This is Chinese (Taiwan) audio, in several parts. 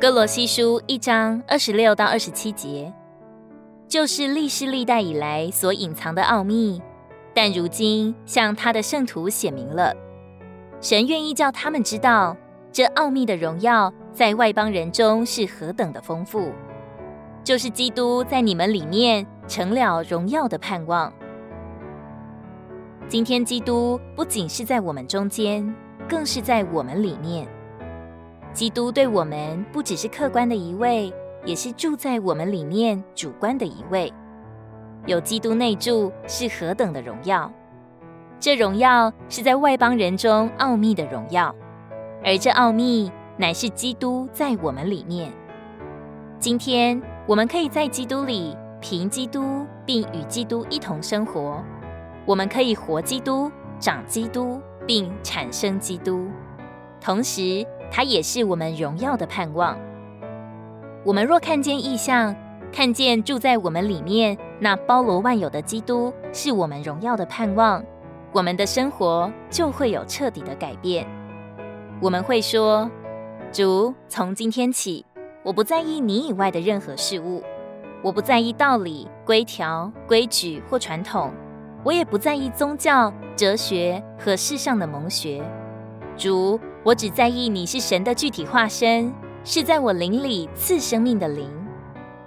歌羅西書一章二十六到二十七節，就是歷世歷代以來所隱藏的奧祕，但如今向他的聖徒顯明了。神願意叫他們知道，這奧祕的榮耀在外邦人中是何等的豐富，就是基督在你們裡面成了榮耀的盼望。今天基督不僅是在我們中間，更是在我們裡面。基督對我們不只是客觀的一位，也是住在我們裡面主觀的一位。有基督內住是何等的榮耀！這榮耀是在外邦人中奧秘的榮耀，而這奧秘乃是基督在我們裡面。今天我們可以在基督裡憑基督，並與基督一同生活。我們可以活基督、長基督，並產生基督，同時，他也是我們榮耀的盼望。我們若看見異象，看見住在我們裡面那包羅萬有的基督，是我們榮耀的盼望，我們的生活就會有徹底的改變。我們會說：“主，從今天起，我不在意你以外的任何事物，我不在意道理、規條、規矩或傳統，我也不在意宗教、哲學和世上的蒙學。”主。我只在意你是神的具體化身，是在我靈裡賜生命的靈。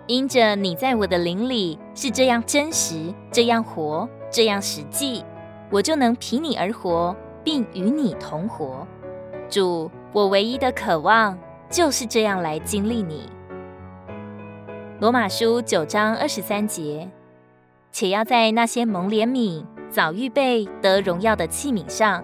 因着你在我的靈裡是這樣真實、這樣活、這樣實際，我就能憑你而活，並與你同活。主，我唯一的渴望就是這樣來經歷你。羅馬書九章二十三節，且要在那些蒙憐憫、早預備、得榮耀的器皿上。